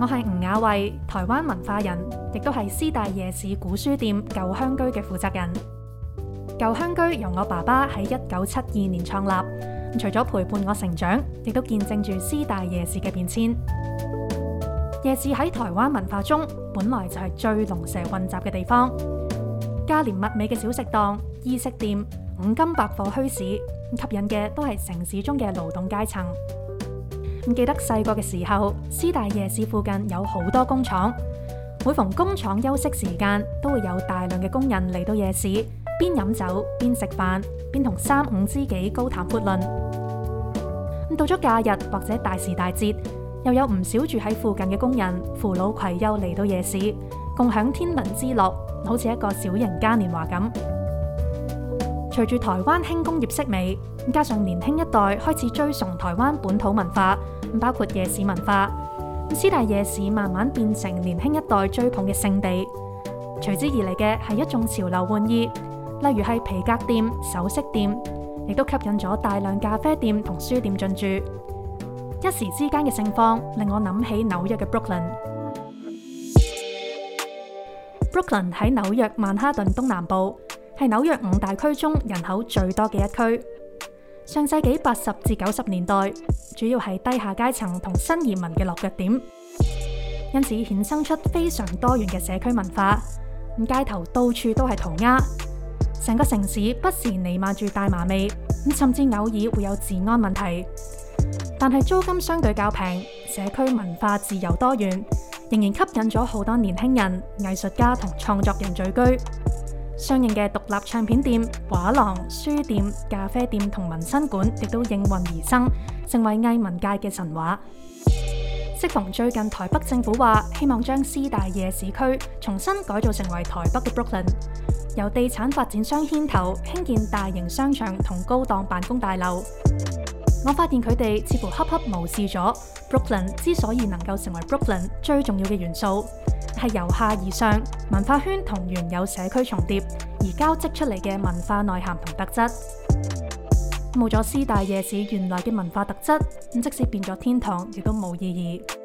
我係吳雅慧，台灣文化人，亦都係師大夜市古書店舊香居嘅負責人。舊香居由我爸爸喺一九七二年創立，除咗陪伴我成長，亦都見證住師大夜市嘅變遷。夜市喺台灣文化中本來就係最龍蛇混雜嘅地方，價廉物美嘅小食檔、衣食店、五金百貨墟市，吸引嘅都係城市中嘅勞動階層。記得細個嘅時候，師大夜市附近有好多工廠，每逢工廠休息時間，都會有大量嘅工人嚟到夜市，邊飲酒邊食飯，邊同三五知己高談闊論。到咗假日或者大時大節，又有唔少住喺附近嘅工人扶老攜幼嚟到夜市，共享天倫之樂，好似一個小型嘉年華咁。隨住台灣輕工業式微，加上年輕一代開始追崇台灣本土文化，包括夜市文化，師大夜市慢慢變成年輕一代追捧嘅聖地。隨之而嚟嘅係一眾潮流玩意，例如係皮革店、首飾店，亦都吸引咗大量咖啡店同書店進駐。一時之間嘅盛況，令我諗起紐約嘅 Brooklyn。Brooklyn 喺紐約曼哈頓東南部。係紐約五大區中人口最多嘅一區。上世紀八十至九十年代，主要係低下階層同新移民嘅落腳點，因此衍生出非常多元嘅社區文化。街頭到處都係塗鴉，成個城市不時彌漫住大麻味，咁甚至偶爾會有治安問題。但係租金相對較平，社區文化自由多元，仍然吸引咗好多年輕人、藝術家同創作人聚居。相應嘅獨立唱片店、畫廊、書店、咖啡店同紋身館亦都應運而生，成為藝文界嘅神話。適逢 最近台北政府話希望將師大夜市區重新改造成為台北嘅 Brooklyn，ok，由地產發展商牽頭興建大型商場同高檔辦公大樓。我發現佢哋似乎恰恰無視咗 Brooklyn 之所以能夠成為 Brooklyn，ok，最重要嘅元素。係由下而上，文化圈同原有社區重疊而交織出嚟嘅文化內涵同特質。冇咗師大夜市原來嘅文化特質，即使變咗天堂，亦都冇意義。